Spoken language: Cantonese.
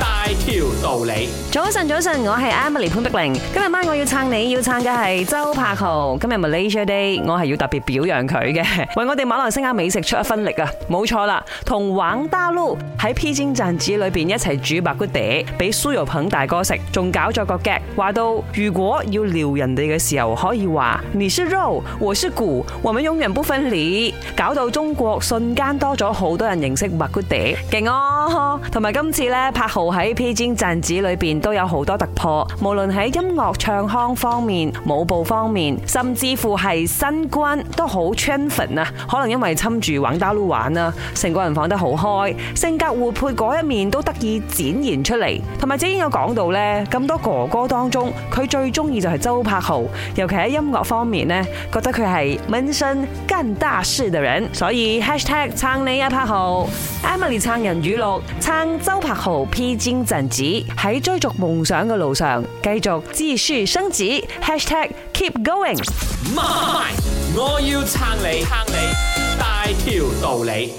大條道理，早晨，早晨，我係 Emily 潘碧玲。今日晚我要撐你，要撐嘅係周柏豪。今日 Malaysia Day，我係要特別表揚佢嘅，為我哋馬來西亞美食出一分力啊！冇錯啦，同王大陸喺披荊斬棘裏邊一齊煮白骨碟，俾蘇有朋大哥食，仲搞咗個梗，話到如果要撩人哋嘅時候，可以話你是肉，我是骨，我們永遠不分離。搞到中國瞬間多咗好多人認識白骨碟，勁哦！同埋今次咧，柏豪。喺披荊斬棘裏邊都有好多突破，無論喺音樂唱腔方面、舞步方面，甚至乎係身關都好 trendy 啊！可能因為侵住玩大陸玩啊，成個人放得好開，性格活潑嗰一面都得以展現出嚟。同埋之前有講到呢，咁多哥哥當中，佢最中意就係周柏豪，尤其喺音樂方面呢，覺得佢係溫順、跟得上的人，所以 #hashtag 撐你阿、啊、柏豪 Emily 撐人語錄撐周柏豪 P、G 前陣子，喺追逐夢想嘅路上，繼續支書生子。Hashtag keep going。我要撐你，撐你，大條道理。